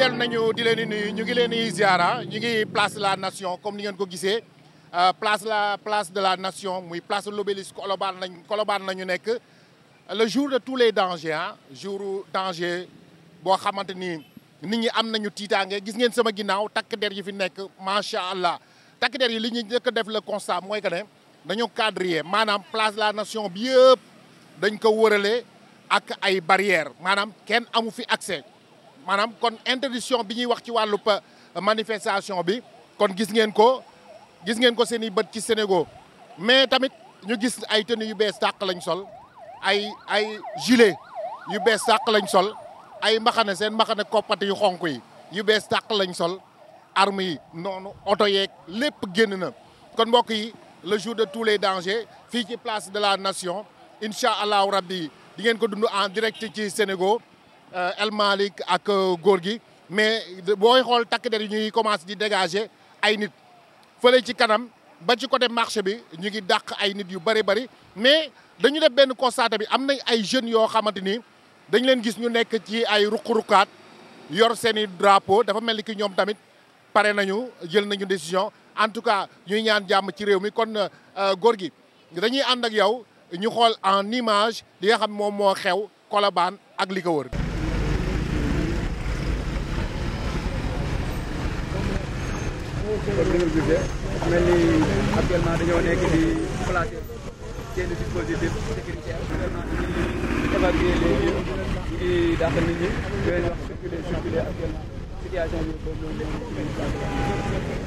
dellu nañu di leen di nuyu leen di ziara ñu la nation comme ni ngeen ko gisee euh, place la place de la nation muy place de l'obélisque Colobane nañ Colobane nañu nekk le jour de tous les dangers ah jour danger boo xamante ni nit ñi am nañu tiitaange gis ngeen sama ginnaaw takk der yi fi nekk macha allah takk der yi li ñu njëkk def le constat mooy que ne dañoo quadriller maanaam place la nation bi yëpp dañ ko wërale ak ay barrières maanaam kenn amu fi accès maanaam kon interdiction bi ñuy wax ci wàllu euh, manifestation bi kon gis ngeen ko gis ngeen ko seen i bët ci Sénégal mais tamit ñu gis ay tenues yu bees tàq lañ sol ay ay gilet yu bees tàq lañ sol ay mbaxane seen mbaxane koppati yu xonk yi yu bees tàq lañ sol arm yi noonu oto yeeg lépp génn na kon mbokk yi le jour de tous les dangers fii ci place de la nation incha allahu rabbi di ngeen ko dund en direct ci Sénégal Euh, El Malick ak euh, góor gi mais booy xool takk der yi ñuy commencé di dégager ay nit fële ci kanam ba ci côté marché bi ñu ngi dàq ay nit yu bëri bëri mais dañu def benn constaté bi am nañ ay jeunes yoo xamante ni dañ leen gis ñu nekk ci ay ruq-ruqaat yor seen i drapeau dafa mel ni ki ñoom tamit pare nañu jël nañu décision en tout cas ñuy ñaan jàmm ci réew mi kon euh, góor gi dañuy ànd ak yow ñu xool en image li nga xam moom moo xew Colobane ak li ko wër. comme ni ngeen gisee mel ni actuellement dañoo nekk di placé seen dispositif sécuritaire vraiment di évacuer les lieux di dàq nit ñi yooyu wax circuler circuler actuellement situation bi boobu noonu la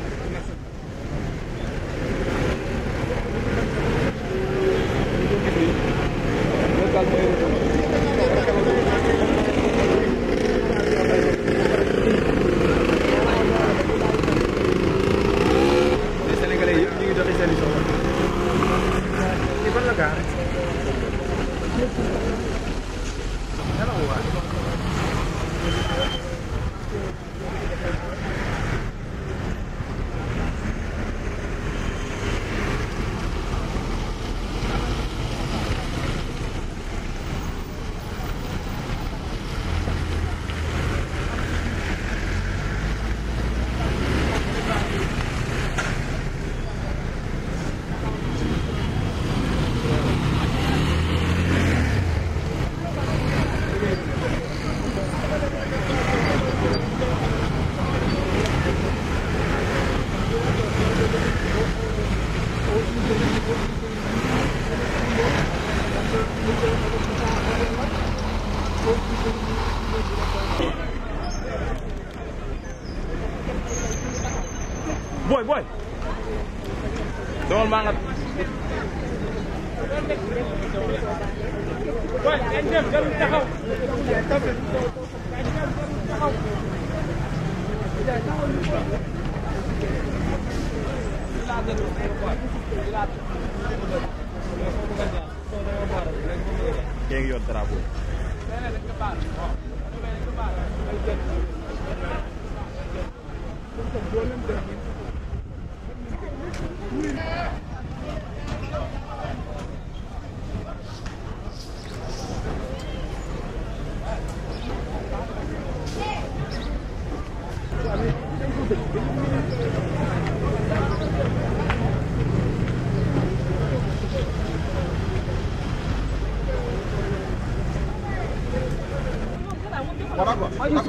Yang yon terabur.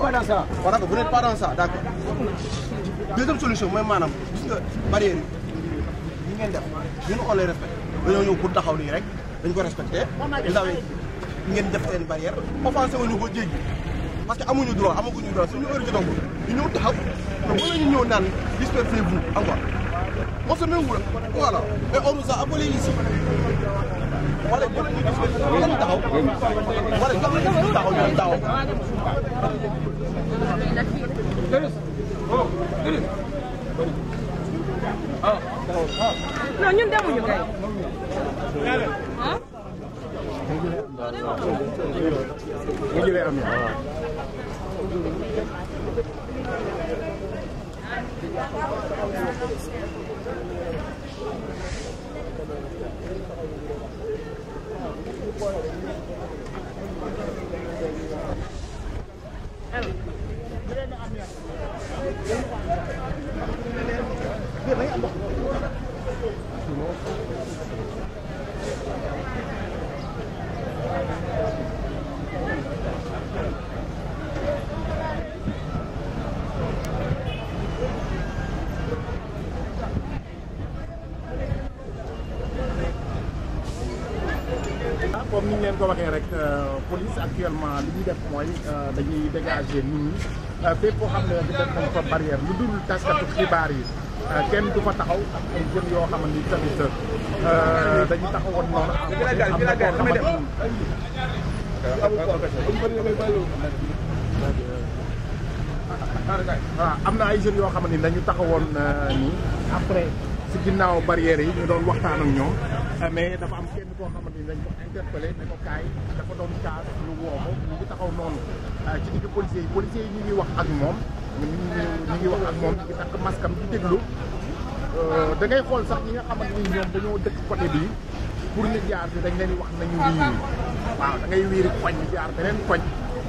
pas dans ça. waaw d'accord vous n'êtes pas dans ça d'accord. deuxième solution mooy maanaam gis nga barrière yi ñu ngeen def ñun on les respecte dañoo ñëw pour taxaw nii rek dañ ko respecté ndaw yi ngeen def seen barrière offensé wuñu ko jéggi parce que amuñu droit amaguñu droit suñu heure jotoo ko ñu ñëw taxaw donc mën nañu ñëw naan dispersez-vous encore on se met où là voilà mais on nous a appelé ici wala ñu taxaw wala taxaw ñu taxaw non ñun demuñu kay. ah. leen ko waxee rek euh, police actuellement li ñuy def mooy euh, dañuy dégager nit ñi euh, fépp koo xam ne di def nañ fa yi kenn du fa taxaw yoo xam ni tamit dañuy taxawoon noonu am na koo xamante waaw am na ay jeunes yoo xam ni dañu taxawoon nii après si ginnaaw barrière yi ñu doon waxtaan ak ñoom Eh, mais dafa am kenn koo xamante ni dañ ko interpellé ne ko kaay dafa doon caas ñu woo ko ñu ngi taxaw noonu eh, ci digg policiers yi policiers yi ñu ngi wax ak moom ñu ñu wax ak moom ñu ngi takk maskam di déglu eh, da ngay xool sax ñi nga xamante ni ñoom dañoo dëkk côté bii pour ñu jaar bi dañ leen wax nañu wiiri waaw da ngay wiiri koñ jaar beneen koñ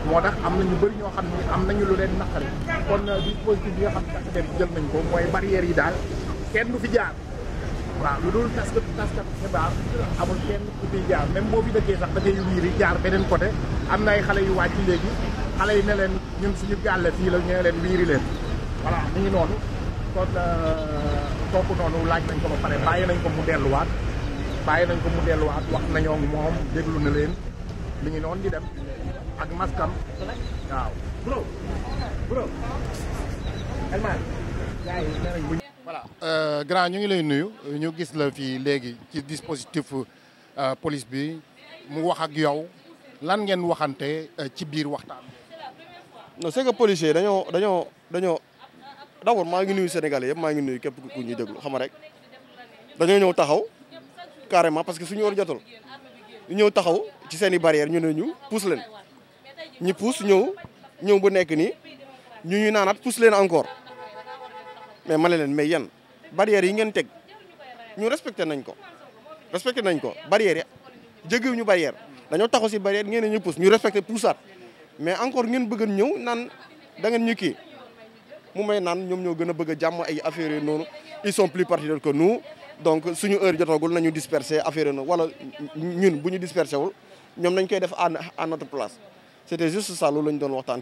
moo tax am na ñu bëri ñoo xam ne am nañu lu leen naqari kon dispositif bi nga xam ne jël nañ ko mooy barrières yi daal kenn du fi jaar waaw lu dul taskatu taskatu xibaar amul kenn ku fi jaar même boo fi dëkkee sax da ngay wiiri jaar beneen côté am na ay xale yu wàcc léegi xale yi ne leen ñun suñu gàlle fii la ñu leen wiiri leen voilà mu ngi noonu kon euh, kooku noonu laaj nañ ko ba pare bàyyi nañ ko mu delluwaat bàyyi nañ ko mu delluwaat wax nañoo moom déglu na leen mi ngi noonu di dem ak maskam waaw bro bro elman voilà euh, grand ñu ngi lay nuyu ñu gis la fii léegi ci dispositif euh, police bi mu wax ak yow lan ngeen waxante euh, ci biir waxtaan non c'est que policier dañoo dañoo dañoo d'abord maa ngi nuyu Sénégalais yëpp maa ngi nuyu képp ku ñuy déglu xam rek dañoo ñëw taxaw carrément parce que suñu war jotul ñu ñëw taxaw ci seen i barrière ñu ne ñu pousse leen ñu pousse ñëw ñëw bu nekk nii ñu ñu naanaat pousse leen encore mais ma leen mais yan barrières yi ngeen teg ñu respecté nañ ko respecté nañ ko barrières yi jéggiwuñu barrière dañoo taxaw si barrière ngeen ne ñu pousse ñu respecté poussaat mais encore ngeen bëgg ñëw nan da ngeen ñu kii mu may naan ñoom ñoo gën a bëgg a jàmm ay affaires noonu ils sont plus particuliers que nous donc suñu heure jotagul nañu disperser affaire noonu wala ñun bu ñu dispersé wul ñoom nañ koy def à notre place c'était juste ça loolu la ñu doon waxtaan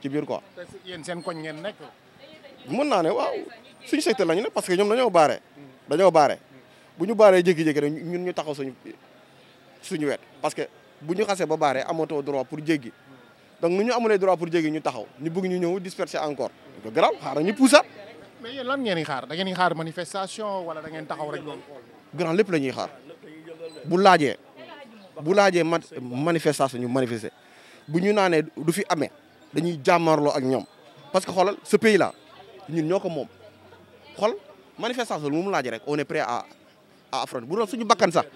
ci biir quoi. yéen seen koñ ngeen nekk. mën naa ne waaw suñu secteur lañu ne parce que ñoom dañoo baare dañoo baare bu ñu baaree jékki-jékki rek ñun ñu taxaw suñu suñu wet parce que bu ñu xasee ba baaree amatoo droit pour jéggi donc nu ñu amulee droit pour jéggi ñu taxaw ñu bëgg ñu ñëw disperser encore ko garaaw xaaral ñu puusat lan ngeen di xaar da ngeen di xaar manifestation wala da ngeen taxaw rek loolu grand lépp la ñuy xaar bu laajee bu laajee manifestation ñu manifester bu ñu naanee du fi amee dañuy jàmmarloo ak ñoom parce que xoolal ce pays là ñun ñoo ko moom xol manifestation mu laaj rek on ne prêt a à affronter bu doon suñu bakkan sax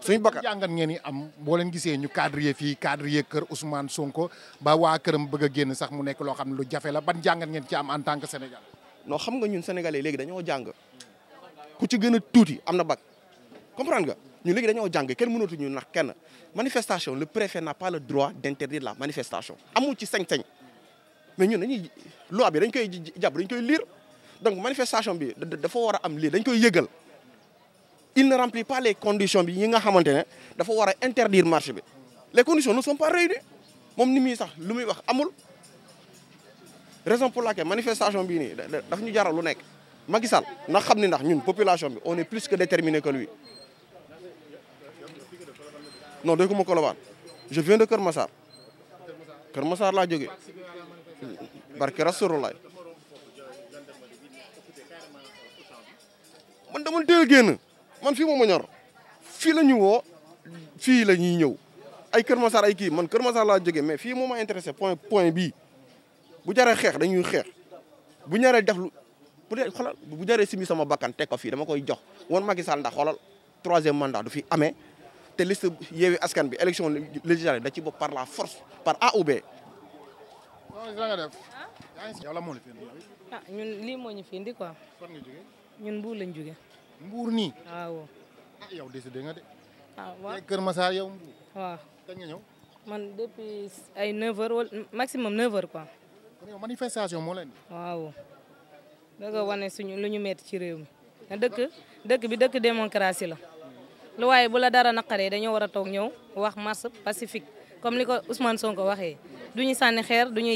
suñu bakkan jàngat ngeen yi am boo leen gisee ñu cadre fii cadre kër Ousmane Sonko ba waa mu bëgg génn sax mu nekk loo xam ne lu jafe la ban jàngat ngeen ci am en tant que Sénégal non xam nga ñun sénégalais léegi dañoo jàng ku ci gën a tuuti am na bac comprendre ga ñun léegi dañoo jàng kenn mënatuñu nax kenn manifestation le préfet n'a par le droit d'interdire la manifestation amul ci sañ-sañ mais ñun dañuy loi bi dañ koy jàpp dañ koy liir donc manifestation bi dafa war a am lii dañ koy yëgal il ne remplit pas les conditions bi ñi nga xamante ne dafa war a interdire marché bi les conditions ne sont pas réunies moom ni muy sax lu muy wax amul raison pour laquelle manifestation bii nii daf ñu jaral lu nekk Macky Sall ndax xam ni ndax ñun population bi on est plus que déterminé que lui non dégguma Colobane je viens de Kër Massar Kër Massar laa jógee barke rasulullah man dama teel génn man fii moom ma ñor fii la ñu woo fii la ñuy ñëw ay Kër Masar ay kii man Kër Masar laa jege mais fii moom ma intéressé point point bii bu jaree xeex dañuy xeex bu ñaree def lu bu bu jaree simi sama bakkan teg ko fii dama koy jox woon Macky Sall ndax xoolal troisième mandat du fi amee te list yeewi askan bi élection législative da ci bopp par la force par A ou yow la moo la ah, ñun lii moo ñu fi indi quoi. fan ñun mbuur lañ jógee. mbuur nii. waaw. ah yow décidé nga de. ah waaw Kër Massar yow mbuur. waaw kañ nga ñëw. man depuis ay 9 heures wala maximum 9 heures quoi. kon yow manifestation lu ñu metti ci réew mi. dëkk dëkk bi dëkk démocratie la. lu waaye bu la dara naqaree dañoo war a toog ñëw wax marche pacifique comme li ko Ousmane Sonko waxee du ñu sànni xeer du ñu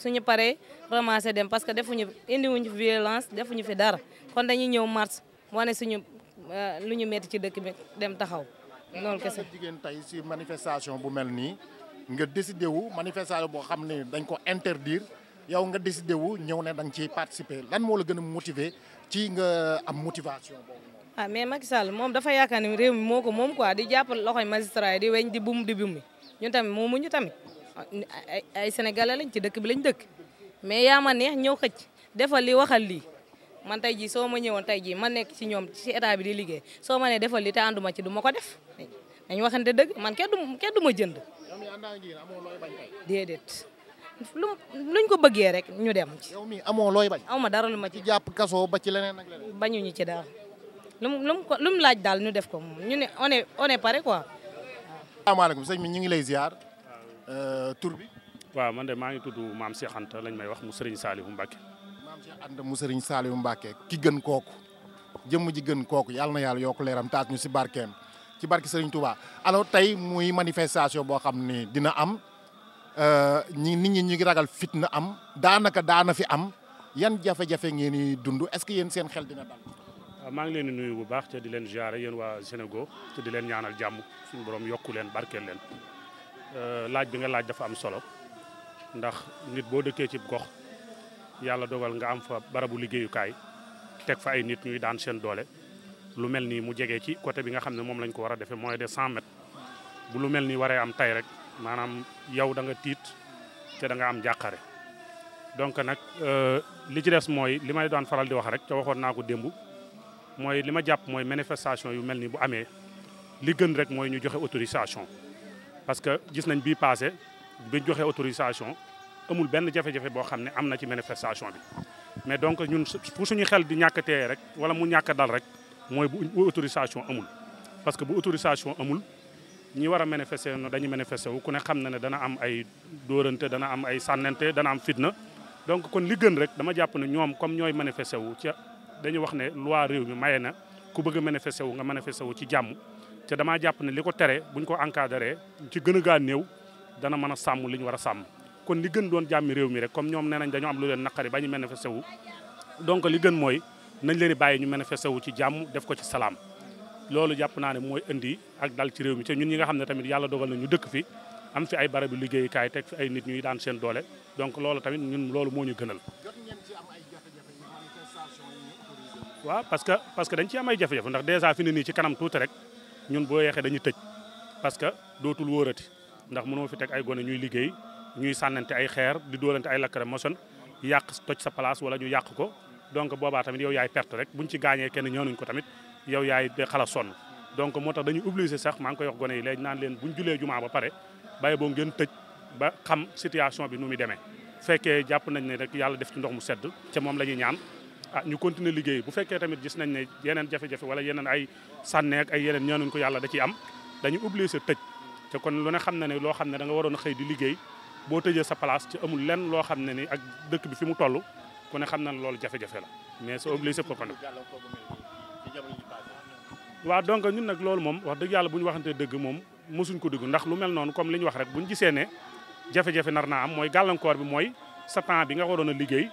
suñu paree ramasser dem parce que defuñu indiwuñu fi violence defuñu fi dara kon dañuy ñëw mars wane suñu euh, lu ñu metti ci dëkk bi dem taxaw. loolu kese jigéen tey si manifestation bu mel nii nga décidé wu manifestation boo xam ne dañ ko interdire yow nga décidé wu ñëw ne dañ ciy participer lan moo la gën a motiver ci nga am motivation boobu. ah mais Macky Sall moom dafa yaakaar ni réew mi moo moom quoi di jàpp loxoy magistrat yi di weñ di bum di bumi tamit. ay sénégalais lañ ci dëkk bi lañ dëkk mais yaa ma neex ñëw xëcc defal li waxal lii man tey jii soo ma ñëwoon tey jii ma nekk ci ñoom ci état bi di liggéey soo ma nee defal li te ànduma ci du ko def dañ waxante dëgg man kenn du kenn du ma jënd. déedéet lu luñ ko bëggee rek ñu dem ci. yow mi amoo looy bañ. aw ma dara lu ma ci jàpp kaso ba ci leneen ak leneen. bañuñu ci daal lu mu lu mu laaj daal ñu def ko moom ñu ne on est on est pare quoi. asalaamaaleykum ñu ngi lay ziar. Euh, tur bi. waaw man de maa ngi tudd maam Cheikh lañ may wax mu Serigne Saliou Mbacke. maam Cheikh Anta mu Serigne Saliou Mbacke ki gën kooku jëmm ji gën kooku yàlla na yàlla yokk leeram taas ñu si barkeen ci barke Serigne Touba alors tey muy manifestation boo xam ni dina am euh, ñi nit ñi ñu ngi ragal fitna am daanaka daana fi am yan jafe-jafe ngeen di dund est-ce que yéen seen xel dina dal. waaw maa ngi leen di nuyu bu baax te di leen ziare yéen waa Sénégal te di leen ñaanal jàmm suñu borom yokku leen barkeel leen. Euh, laaj bi nga laaj dafa am solo ndax nit boo dëkkee ci gox yàlla dogal nga am fa barabu liggéeyukaay teg fa ay nit ñuy daan seen doole lu mel ni mu jege ci côté bi nga xam ne moom lañ ko war a defee mooy de 100 mètres bu lu mel nii waree am tay rek maanaam yow da nga tiit te da nga am jàqare donc nag euh, li ci des mooy li may daan faral di wax rek ca waxoon naa ko démb mooy li ma jàpp mooy manifestation yu mel ni bu amee li gën rek mooy ñu joxe autorisation parce que gis nañ bii passé bi joxe autorisation amul benn jafe-jafe boo xam ne am na ci manifestation bi mais donc ñun pour suñu xel di ñàkk teeye rek wala mu ñàkk dal rek mooy bu autorisation amul parce que bu autorisation amul ñi war a manifester no dañu manifester wu ku ne xam na ne dana am ay dóorante dana am ay sànnante dana am fitna donc kon li gën rek dama jàpp ne ñoom comme ñooy manifester wu ca dañu wax ne loi réew mi maye na ku bëgg a wu nga manifester wu ci jàmm te damaa jàpp ne li ko tere buñ ko encadré ci gën a gaa néew dana mën a sàmm li ñu war sàmm kon li gën doon jàmmi réew mi rek comme ñoom nee nañ dañoo am lu leen naqari ba ñu manifesté wu donc li gën mooy nañ leen di bàyyi ñu manifesté wu ci jàmm def ko ci salaam loolu jàpp naa ne mooy indi ak dal ci réew mi te ñun ñi nga xam ne tamit yàlla dogal na ñu dëkk fi am fi ay barabu liggéeyukaay teg fi ay nit ñuy daan seen doole donc loolu tamit ñun loolu moo ñu gënal waaw parce que parce que dañ ci am ay jafe-jafe ndax dèjà ci kanam tuuti rek ñun boo yeexee dañuy tëj parce que dootul wóorati ndax mënoo fi teg ay gone ñuy liggéey ñuy sànnante ay xeer di doolante ay lacrymogène yàq toj sa place wala ñu yàq ko donc boobaa tamit yow yaay perte rek buñ ci gaañee kenn ñëwnuñ ko tamit yow yaay de xala donc moo tax dañu obligé sax maa ngi koy wax gone yi léegi naan leen buñ julee jumaa ba pare bàyyi boo ngeen tëj ba xam situation bi nu muy demee fekkee jàpp nañ ne rek yàlla def ci ndox mu sedd ca moom la ñuy ñaan ah ñu continuer liggéey bu fekkee tamit gis nañ ne yeneen jafe-jafe wala yeneen ay sànneek ay yeneen ñaanuñ ko yàlla da ciy am dañu obligé tëj te kon lu ne xam na ne loo xam ne waroon xëy di liggéey boo tëjee sa place ci amul lenn loo xam ne ni ak dëkk bi fi mu toll kon ne xam na ne loolu jafe-jafe la mais sa obligé ko kon waaw donc ñun nag loolu moom wax dëgg yàlla bu ñu waxantee dëgg moom mosuñ ko dugg ndax lu mel noonu comme li ñu wax rek bu ñu gisee ne jafe-jafe nar naa am mooy gàllankoor bi mooy sa temps bi nga waroon a liggéey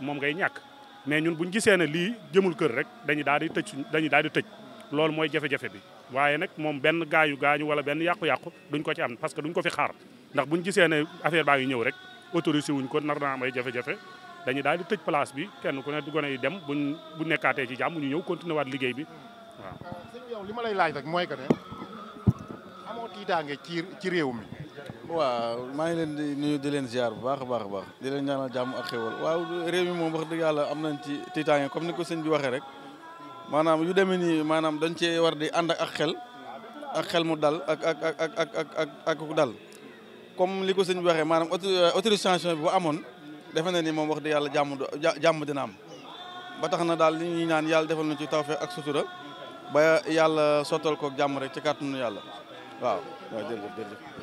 moom ñàkk mais ñun buñ gisee ne lii jëmul kër rek dañu daal di tëj suñ daal di tëj loolu mooy jafe-jafe bi waaye nag moom benn gaañu gaañu wala benn yàqu-yàqu duñ ko ci am parce que duñ ko fi xaar ndax buñ gisee ne affaire baa ngi ñëw rek autorisé wuñ ko nar naa am ay jafe-jafe dañu daal di tëj place bi kenn ku ne du gone yi dem buñ bu nekkaatee ci jàmm ñu ñëw continuer waat liggéey bi waaw. yow li ma lay laaj rek mooy que ne amoo tiitaange ci ci réew mi. waaw maa ngi leen di nuyu di leen ziar bu baax a baax a baax di leen ñaanal jàmm ak xéwal waaw réew mi moom wax dëgg yàlla am na ci tiitaange comme ni ko sëñ bi waxee rek maanaam yu demee nii maanaam dañ cee war di ànd ak xel ak xel mu dal ak ak ak ak ak ak dal comme li ko sëñ bi waxee maanaam euh, autorisation bi bu amoon defe ne ni moom wax dëgg yàlla jàmm du jàmm dina am ba tax na daal li ñaan yàlla defal na ci tawfeex ak sutura ba yàlla sottal ko jàmm rek ci kàttanu yàlla. waaw waaw jërëjëf jërëjëf